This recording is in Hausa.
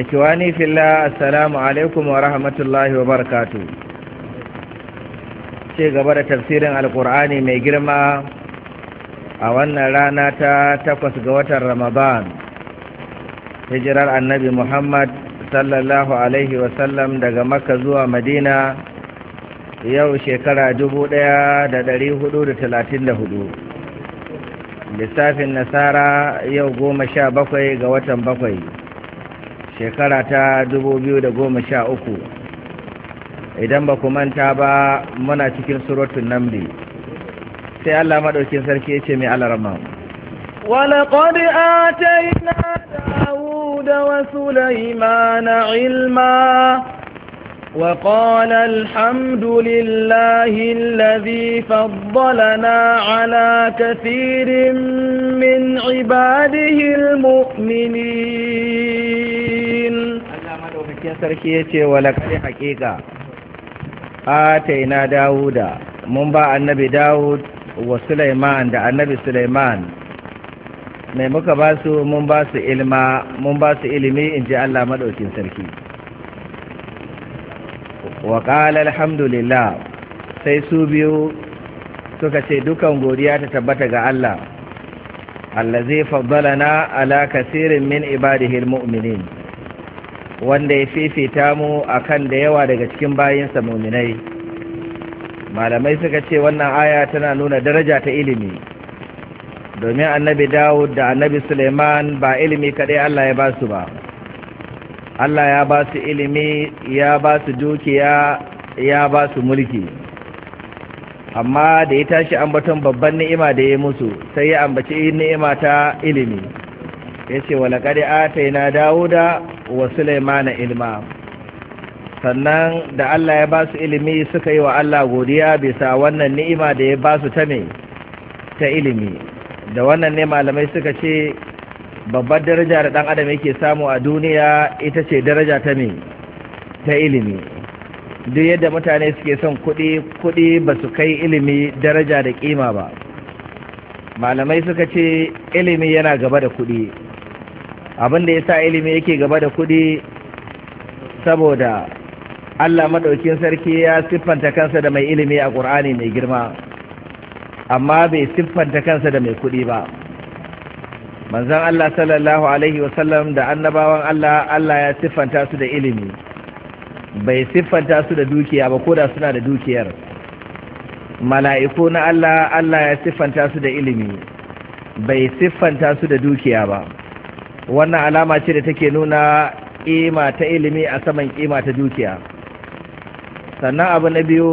ikiwani filla assalamu alaikum wa rahmatullahi wa barakatu ce gaba da tafsirin alkur'ani mai girma a wannan rana ta takwas ga watan ramadan hijirar annabi muhammad sallallahu alaihi wasallam daga makka zuwa madina yau shekara dubu ɗaya da hudu da talatin da hudu, lissafin nasara yau goma sha bakwai ga watan bakwai shekara ta sha uku, idan ba ku manta ba muna cikin suratun namli sai Allah maɗaukin sarki ce mai alarma ولقد آتينا داود وسليمان علما وقال الحمد لله الذي فضلنا على كثير من عباده المؤمنين madaukakin sarki ya ce wa laƙari haƙiƙa ataina dawuda mun ba annabi dawud wa Suleiman da annabi Suleiman. mai muka ba su mun ba su ilma mun ba su ilimi in ji allah maɗaukin sarki wa ƙala alhamdulillah sai su biyu suka ce dukan godiya ta tabbata ga allah allazi na ala kasirin min ibadihi al-mu'minin wanda ya fifita mu a kan da yawa daga cikin bayinsa muminai malamai suka ce wannan aya tana nuna daraja ta ilimi domin annabi dawud da annabi suleiman ba ilimi kaɗai allah ya ba su ba allah ya ba su ilimi ya ba su dukiya ya ba su mulki amma da ya tashi ambaton babban ni'ima da ya musu sai ya ambaci ni'ima ta ilimi Ya ce, yace wala na dawo da wa sulaimana ilma sannan da Allah ya ba su ilimi suka yi wa Allah godiya bisa wannan ni'ima da ya ba su ta mai ta ilimi da wannan ne malamai suka ce babbar daraja da ɗan adam yake samu a duniya ita ce daraja ta mai ta ilimi duk yadda mutane suke son kuɗi kuɗi ba su kai ilimi daraja da ƙima ba malamai suka ce ilimi yana gaba da kuɗi abin da ya sa ilimi yake gaba da kuɗi saboda Allah maɗaukin sarki ya siffanta kansa da mai ilimi a ƙur'ani mai girma amma bai siffanta kansa da mai kuɗi ba manzon Allah sallallahu alaihi wasallam da annabawan Allah Allah ya siffanta su da ilimi bai siffanta su da dukiya ba koda suna da dukiyar mala'iku na Allah Allah ya siffanta su da ilimi bai siffanta su da dukiya ba wannan alama ce da take nuna ƙima ta ilimi a saman ƙima ta dukiya sannan abu na biyu